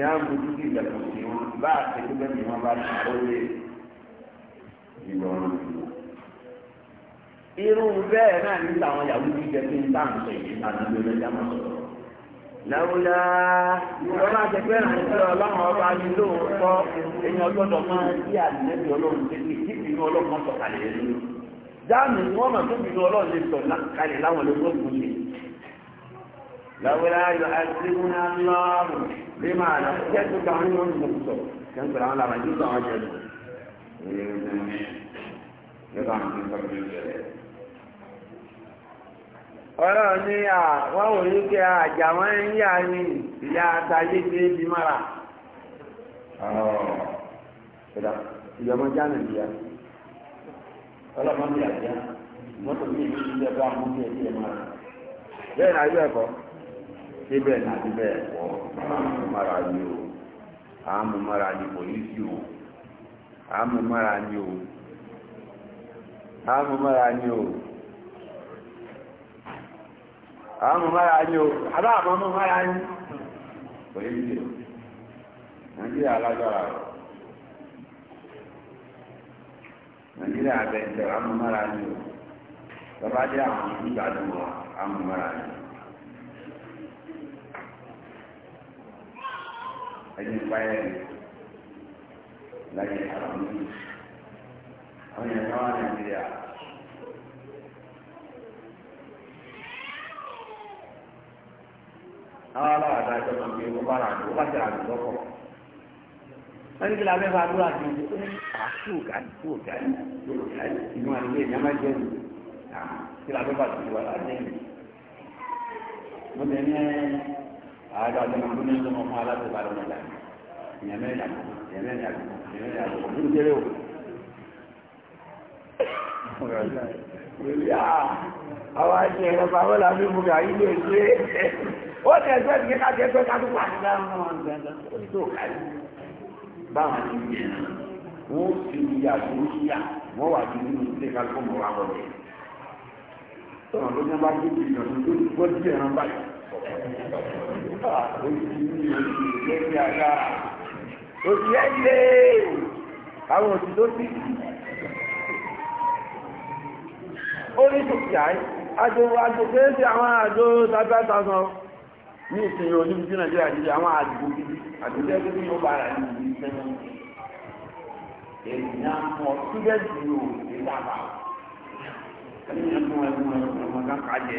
tí a ń bójú sí ìdàgbò sí wọn bá a ṣe gbẹgbẹ ní wọn bá ti ó lé ìrọ̀rùn ìlú. irú bẹ́ẹ̀ náà ní àwọn yàrá ojú jẹ pé níta ń sọ èyí àti ìgbẹ́ lẹ́jà máa sọ̀rọ̀. lẹ́wọ́lá ìwọ́n máa jẹ pé ìrìn àjò ọlọ́run ọba ni lóun kọ́ ẹ̀yin ọlọ́dọ̀ máa bí àdínẹ́bí ọlọ́run ṣe kí ìbínú ọlọ́kan sọ̀kalẹ̀ yẹn ní. dáàmì wọn mọ̀ tó bínú ọlọ́run lè sọ̀ لولا يعذبنا الله بما نحجتك عنه المنصر كان فرعون لما عجل ọ̀rọ̀ ni ń yà ní ìyá mara ìjọba jáde ìyá ọlọ́pàá ní àjá mọ́tò ní ìlú ebe na-adịbe. pọ̀ mara o àmúmára ni pòlísì o mara anyị o àmúmára anyị o àmúmára anyị o àbá àmúmára ni pòlísì o nàìjíríà alágbára rẹ̀ nàìjíríà abẹ́ntẹ̀ mara anyị o lọ́bàá jẹ́ àwọn ìgbàdùn wa àmúmára ni o. ẹni páyà ni láyé àwọn yìí àwọn yẹn náà wà nàìjíríà. àwọn aláàdá ẹjọ́ kan pé wọ́n bá rà àdúrà wọ́n bá jẹ́ àdúrà lọ́kọ̀. wọ́n kí la mẹ́fà àdúrà ti ń pè àṣù gàdí tó gàdí tó gàdí inú àdúrà èèyàn máa jẹ́ nù kí la mẹ́fà àdúrà wà láti ẹ̀yìn. mo tẹ̀ ní ẹ́ àádọ́ ọdún ọdún ní ọmọ fún aláṣẹ ìbàdàn ọjà ìyẹn mẹ́rin ó tẹ̀ ẹgbẹ́ ti kéka ẹgbẹ́ kájú pàdé láwọn ọmọ ìgbẹ́ńdọ́ ó tó kájú báwọn ti yẹ wọ́n fi ìyá tó ń yá wọ́n wà ní nínú ilé kálukú mọ́ wa wọlé. tọ́nà ló bá dé ìjọba tó ń gbọ́ díẹ̀ rán báyìí òsì ẹ̀ àwọn òsì tó ti oríṣìí àì àjò àjò kéèsì àwọn àjò tàbátàsán ní ìsinmi oníbi tí nàìjíríà ti àwọn àjò gidi àjò lẹ́gbẹ́ ó bá ní ìlú sẹ́nu èyí náà mọ̀ síbẹ̀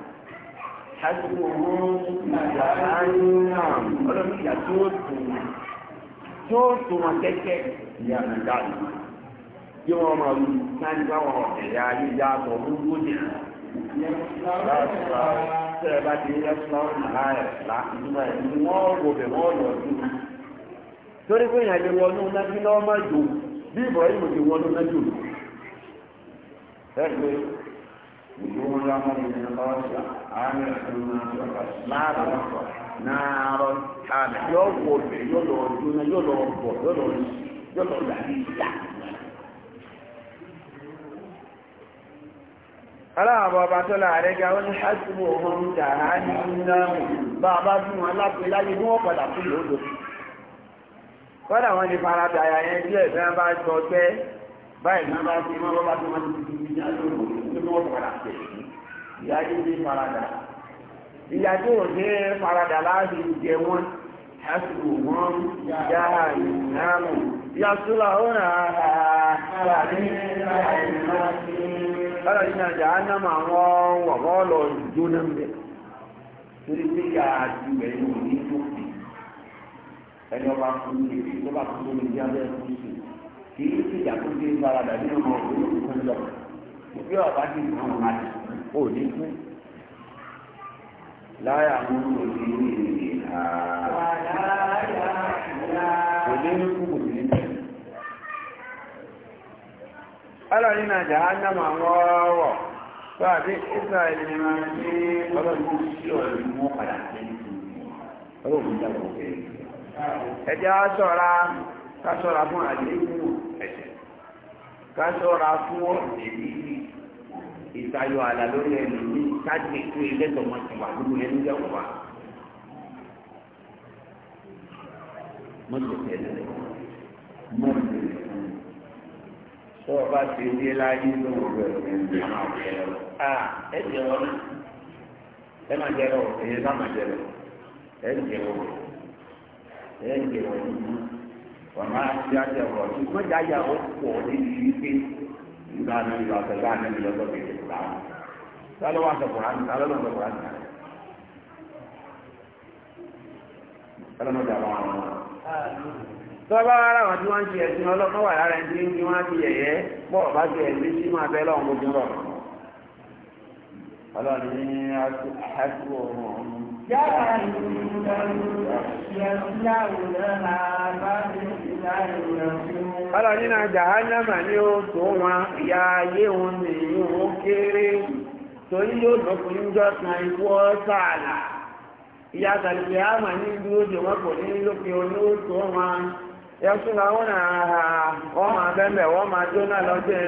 ṣáàtúwò wọn ìgbà àyínà tí ó tò tí ó tò wọn kẹ́kẹ́ ìyá nàìjíríà wọn máa wù láti báwọn ẹ̀yà ayélujára àtọ̀ gbogbo jẹ lọ́sọ̀rọ̀ tẹ́lẹ̀ bá ti yẹ sọ́ọ́ nàá ẹ̀ ẹ̀ وجوه aláàbọ̀ ọba tó láàrẹ ní iná bá bá fún wọn láyé ní wọ́n padà fún kọ́dà bí bá báyìí náà bá ti máa bá ti máa ti fi ìyá lóru tó ní wọ́n padà tẹ̀ ìyá yìí ní faradà ìyá tó ò ní faradà láti jẹ wọn àsìkò wọn yá ìnáàmù yasula ọ̀nà àhàhà ní ọ̀rọ̀ yìí náà jàá náà máa wọ́n wọ̀ wọ́n lọ jóná ń bẹ̀ torí pé ju ẹ̀yìn òní tó fi ẹni ọba fún mi tó bá fún mi ní abẹ́ fún kì í sì jà tó dé ọmọ òun tó ń lọ bí ọba ti mọ àwọn àti ò ní láyà mú òní ní ìhà alọ́ọ̀ni tó ni sí ọ̀rọ̀ padà sí jábọ̀ ẹ̀jẹ̀ á ká ṣọ́ra fún àléébù ẹ̀ṣẹ̀ ká ṣọ́ra fún ọ̀dẹ̀bí ìtayọ àlà lórí ẹni ní káàdì tó ilé tọmọ ti wà lóko ẹni jẹ wọ wa mo lè tẹ́lẹ̀ mo lè tẹ́lẹ̀ tó o bá ti dé láyé lóru rẹ ẹni máa jẹ lọ ẹ jẹ wọn ẹ máa jẹ lọ ẹ yẹ máa jẹ lọ ẹ jẹ wọn ẹ jẹ wọn yìí ọ̀nà àti àjẹ ọ̀rọ̀ ṣùgbọ́n jáyà ó pọ̀ níbi wípé ìgbà náà ìlú àtẹ̀gbà náà ìlú ọ̀dọ́ kejì ìgbà wọn. sálọ́ wà sọ̀kùnrin àti sálọ́ lọ́dọ̀ kùnrin àti sálọ́. ọlọ́mọdé àwọn àwọn ọmọ. tọ́ba ara wọn tí wọ́n ń ṣe ẹ̀sìn ọlọ́pàá wà lára ẹni tí wọ́n ti yẹ̀yẹ́ pọ̀ bá ti ẹ̀sìn sí máa bẹ́ lọ́wọ́n gbogbo rọ̀. ọlọ́run ní aṣọ ọ̀hún. yára ọlọ́ nínú jahannama ní ó tó wọn ìyá ayé wọn nìyí ó kéré torí yóò ihe jọ kan ikú ọ́ sààlà ìyá tàbí àmà ní dúró wọn kò ní lókè olóòtú wọn yẹsùn làwọn àhà wọn máa bẹ́ẹ̀ wọn máa jóná lọ́jọ́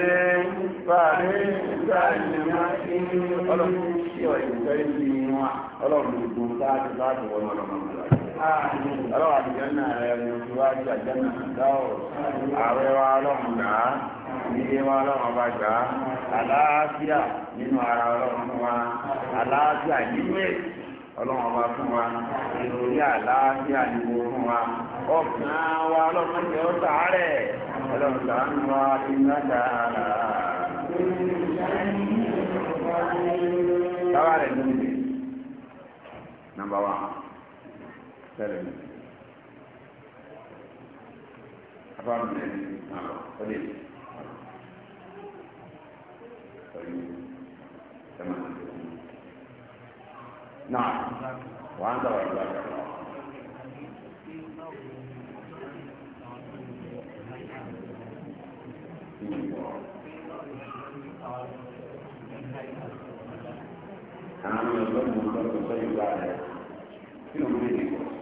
ọlọ́wà àbìjọ́nà rẹ̀ ní oṣùwájú àjọ́nà àdáwò ààrẹ wa ọlọ́run gbà á nílé wa ọlọ́run ọba gbà á àlàáfíà nínú ara ọlọ́run wa àlàáfíà nínú èsì ọlọ́run ọba fún wa ìròyìn àlàáfíà nínú fún wa ọkàn wa ọlọ́run jẹ́ ó sàárẹ̀ ọlọ́run sàánú wa iná dára. Táwa rẹ̀ ló Number one tẹ́lẹ̀ mi afáàmù lẹ́nu àlọ́ ọdẹ mi pẹ̀lú ẹ̀ma náà wà á ń dáwọ̀ ìlú àgbà lọ. Àwọn ọlọ́run ọlọ́run sọ́yìn bá rẹ̀ kí ló ń gbé nìkan.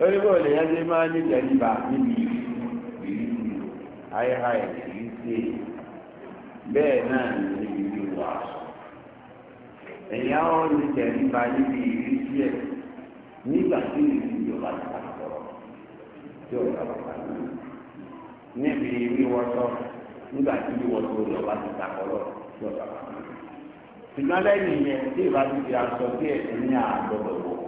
onígbò lè yẹn máa ní ìjẹ̀lìbà níbi ìrísí àyíká ìrísí bẹ́ẹ̀ náà ní ìrísí wà. ẹ̀yà ó ní ìjẹ̀lìbà níbi ìrísí ẹ̀ nígbà tí ìrísí ìjọba ti bá sọ̀rọ̀ tí ó bá bàbá náà níbi wíwọ́sọ nígbà tí wíwọ́sọ ìjọba ti bá sọ̀rọ̀ tí ó bàbá tí ìbá ti fi aṣọ sí ẹ̀sìn ní àgbọ̀dọ̀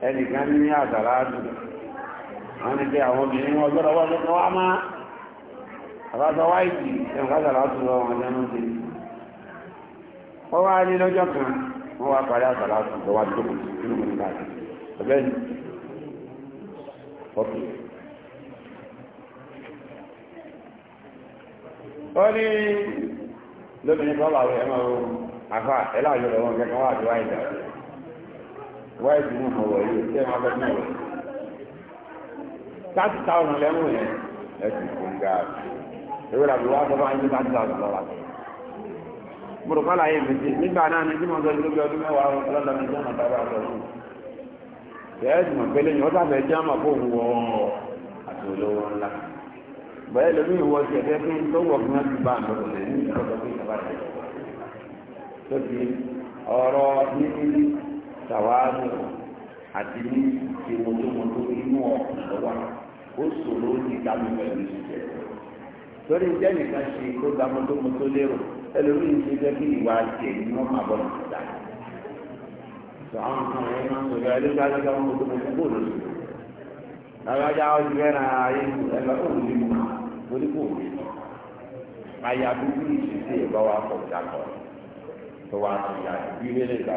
ẹnìkan ní àdàrà dùn wọ́n ní pé àwọn obìnrin wọn gbọ́dọ̀ wọ́n lọ́pọ̀ wá máa àbájọ wáìtì ẹnìkádàrà dùn lọ wọn jẹ́ lóde wọ́n wá ní lọ́jọ́ kan wọ́n wá parí àdàrà dùn lọ́wọ́ tó kù nínú mi nígbà ọ̀bẹ́ ni ọ̀pẹ̀. ó ní lóbìnrin kọ́ bàwẹ̀ ẹ̀mọ́ àfà ẹ̀láàjọ lọ́wọ́ kẹ́kọ̀ọ́ wà wáìtì wáyé ti mú ọwọ́ yìí ṣé wọn bẹ náà wẹ̀. thirty thousand yẹn ayé nígbà náà ni ọdún mẹ́wàá ọlọ́dọ̀ mi jẹ́ fún mọ̀ jẹ́ wọ àti olówó ńlá. bẹ́ẹ̀ lómi ìwọ ti ẹ̀fẹ́ tàwáàrù àti ní tìmọ̀tòmọ̀tò inú ọ̀kùn lọ́wọ́ ó ṣòro ní ìdáhùn pẹ̀lú ìṣiṣẹ́ torí ìjẹ́ nìkan ṣe kó gba mọ́tòmọ́tò lérò ẹlòmíì ṣe jẹ́ kí ìwà tiẹ̀ ní wọ́n máa bọ̀ níta. àwọn kan ẹ̀ máa ń sọ̀rọ̀ mọ́tòmọ́tò kò ayé lórí kò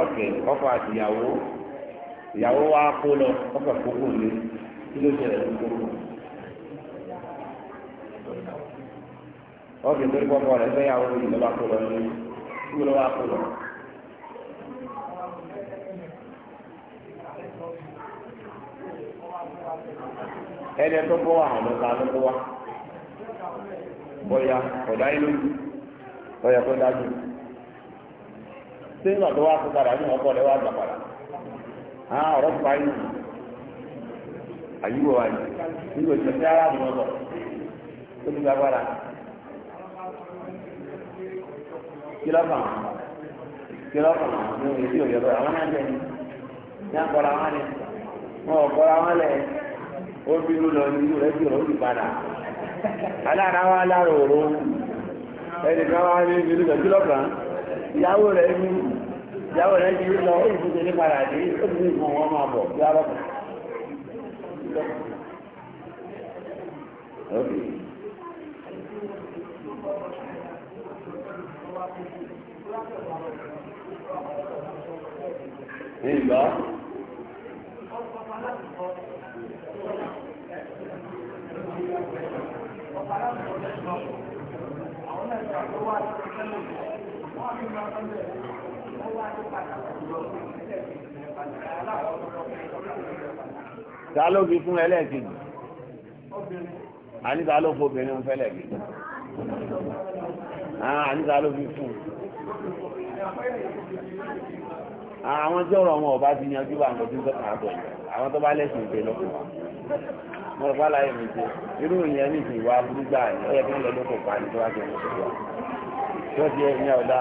ọ̀kẹ́ ọkọ̀ àti ìyàwó ìyàwó wa kó lọ ọkọ̀ kókó lé kí ló ṣẹlẹ̀ ní kókó. ọ̀kẹ́ tó ń kọ́ ọkọ̀ rẹ̀ fẹ́ yàwó ìjọba kó lọ ní kí ló wá kó lọ. ẹni tó kọ́ wa sẹ́yìn ọ̀dọ́ wa kó padà ní ọkọ rẹ̀ wá gbà àwọn ọ̀rọ̀ pa yìí àyíwò wa yìí nígbà tí ara mi lọ́bọ̀ tó ti gbà padà kílọ̀fà kílọ̀fà ní oye tí òye bẹ̀rẹ̀ àwọn ẹ̀jẹ̀ ni ní akọ̀rọ̀ àwọn ẹ̀ wọn ò kọ́ra wọn lẹ̀ ó bínú lọ ní ìlú rẹ̀ tí òun ti padà alára wa òru ẹnìkan wa ní ìlú rẹ̀ kílọ̀fà ìyàwó rẹ̀ ní ìyàwó rẹ̀ ní lọ ìfúnṣe ní padà dé ó ti ní ìfún wọn máa bọ̀ bí arọ́pù. Nígbà. Ọ̀pọ̀lọpọ̀ ọ̀pọ̀lọpọ̀ àwọn náà ìgbà tó wà ní ọ̀pọ̀lọpọ̀ ta ló fi fún ẹlẹ́ẹ̀kejì àní ta ló fún obìnrin fún ẹlẹ́ẹ̀kejì ah, àní ta ló fi fún ah, àwọn tí ọ̀rọ̀ wọn ọba ti yanjú bá nǹkan tí ń tọ́ka àbọ̀ àwọn tó bá lẹ́sìn ìgbé lọ́kùn wa mo rọ̀ bá láyé mi ṣe irú ìyẹn ní ìsìn ìwà burúkú àyè ó yẹ kí wọ́n lọ lóko pa ní tó wá jẹun wọ́n jẹ́ ọ̀dá